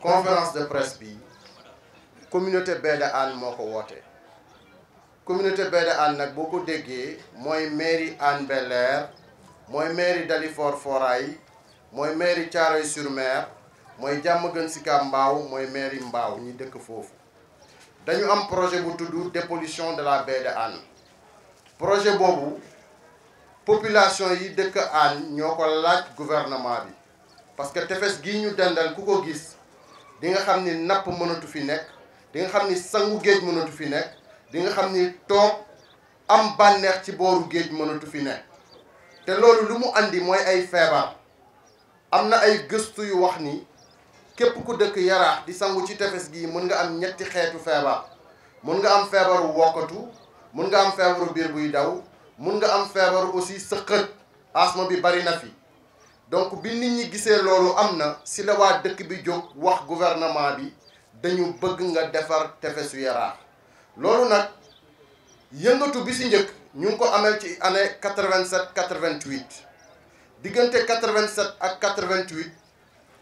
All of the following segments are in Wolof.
conférence de presse bi communauté baie de moko communauté baie de a beaucoup boo Moi, mairie Moi, Belair moy mairie Dalifort Foray moy mairie Thiaroye-sur-Mer mooy Diamaguène moi, Mbao mairie Mbao ñi dëkk un dañu am projet bu dépollution de la baie de projet Bobu. population yi dëkk Hann ñoko ko laaj gouvernement parce que tefes gi ñu dandal ku ko gis di nga xam ni napp mënatu fi nekk di nga xam ni sangu géej mënatu fi nekk di nga xam ni toog am bànneex ci booru géej mënatu fi nekk te loolu lu mu andi mooy ay feebar am na ay gëstu yu wax ni képp ku dëkk yaraax di sangu ci tefes gi mën nga am ñetti xeetu feebar mën nga am feebaru wokkatu mën nga am feebaru biir buy daw mën nga am feebaru aussi sëqët asma bi bari na fi donc bi nit ñi gisee loolu am na si la waa dëkk bi jóg wax gouvernement bi dañu bëgg nga defar tefesu Yaraax loolu nag yëngatu bi si njëkk ñu ngi ko amel ci année 87 88 diggante 87 ak 88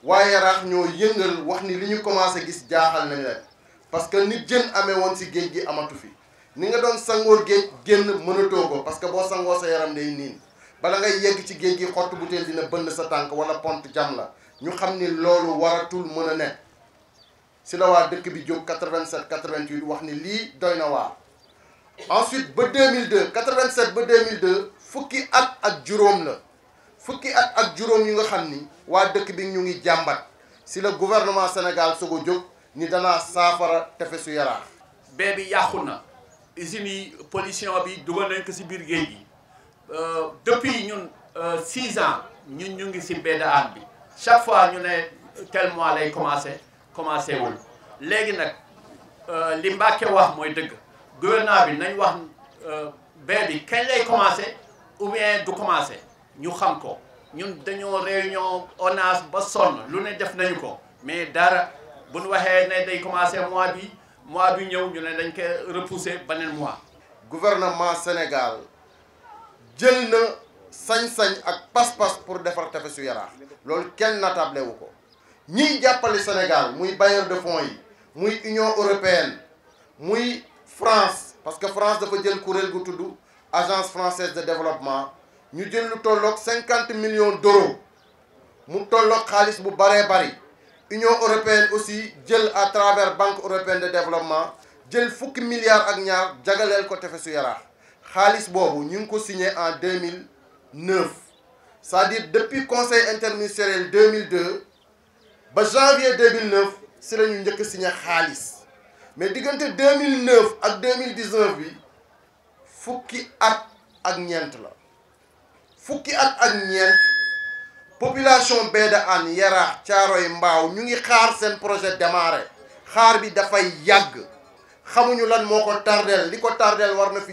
waa Yaraax ñoo yëngal wax ni li ñu commencé gis jaaxal nañ leen parce que nit jën amé woon si géej gi amatu fi ni nga doon sangoo géej génn mënatoo ko parce que boo sangoo sa yaram day niin bala ngay yegg ci géej gi xottu butéel dina bënn sa tànk wala pont jam la ñu xam ni loolu waratul mën a nekk si la waa dëkk bi jóg 87 88 wax ni lii doy na waar ensuite ba 2002 87 ba 2002 fukki at ak juróom la fukki at ak juróom yu nga xam ni waa dëkk bi ñu ngi jàmbat si la gouvernement Sénégal soog a jóg ni danaa saafara tefesu yaraax bee bi yàqu na usine yi bi dugal nañ ko si biir géej gi Euh, depuis ñun 6 euh, ans ñun ñu ngi ci BDAR bi chaque fois ñu né tel mois lay commencé commencé wul légui nak euh, li mbacké wax moy dëgg gouvernement bi nañ wax bee bi kañ lay commencé ou bien du commencé ñu xam ko ñun dañoo réunion ONAS ba son lu ne def nañu ko mais dara bu ñu waxee ne day commencé mois bi mois bi ñëw ñu ne dañ ko repousser beneen mois. gouvernement Sénégal jël na sañ-sañ ak pas-pas pour defar tefesu yara loolu kenn natable wu ko ñiy jàppale Sénégal muy bailleur de fonds yi muy Union européenne muy France parce que France dafa jël kuréel gu tudd agence française de développement ñu jël lu tollok 50 millions d'euros mu tollok xaalis bu bare bari Union européenne aussi jël à travers Banque européenne de développement jël fukki milliards ak ñaar jagaleel ko tefesu yara nous Bobo ñu signé en 2009 c'est-à-dire depuis le conseil interministériel 2002 En janvier 2009 nous la signé mais entre 2009 et 2019 bi fukki at ak ñeent la fukki at ak La population baie de Hann Yaraax Caaroy Mbaaw ñu ngi xaar un projet démarré xaar bi dafay yàgg xamuñu lan moo ko tardeel li ko tardeel war na fi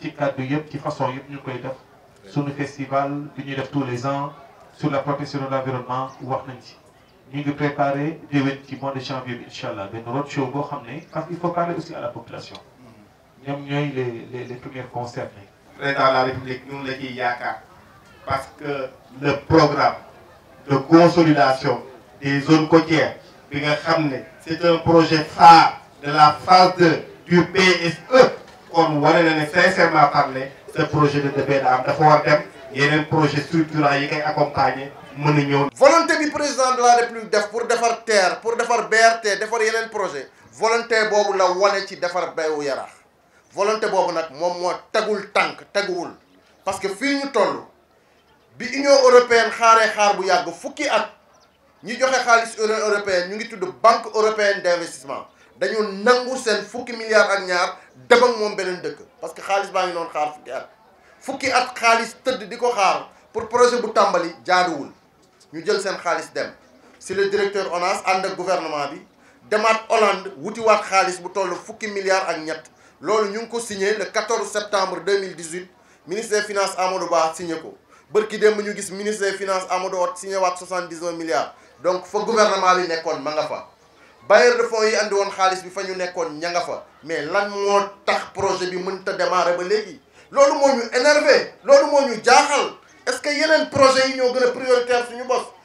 ci de façon de nous koy def festival bi nous tous les ans sur la protection de l'environnement wax nañ ci ñu ngi préparé déwén ci mois de janvier show parce qu'il faut parler aussi à la population Nous sommes les les les premiers concernés. président de la république nous, ngi la parce que le programme de consolidation des zones côtières c'est un projet phare de la phase 2 du PSE kon wane na ne sincèrement parler ce projet de développement, daa dafa war dem yeneen projet structurant yi koy accompagner mën a ñëw. volonté bi président de la république def pour defar terre, pour defar BRT defar yeneen projet volonté boobu la wane ci defar bayu Yaraax volonté boobu nag moom moo tegul tànk teguwul parce que fii ñu toll bi union européenne xaaree xaar bu yàgg fukki at ñi joxe xaalis union européenne ñu ngi tudd banque européenne d' investissement. dañu nangu seen fukki milliards ak ñaar dem moom beneen dëkk parce que xaalis baa ngi doon xaar fukki at fukki at xaalis tëdd di ko xaar pour projet bu tàmbali jaaduwul ñu jël seen xaalis dem si le directeur ONAS ànd ak gouvernement bi demaat Hollande waat xaalis bu toll fukki milliards ak ñett loolu ñu ngi ko signé le 14 septembre 2018 ministre des finances baax Ba ko bërki démb ñu gis ministre finance finances Amadou Hott signé waat 79 milliards donc fa gouvernement bi nekkoon ma nga bailleur de fonds yi andi woon xaalis bi fa ñu nekkoon ña nga fa mais lan moo tax projet bi mënta démarrer ba léegi loolu moo ñu énervé loolu moo ñu jaaxal est-ce que yeneen projet yi ñoo gën a prioritaire ñu bopp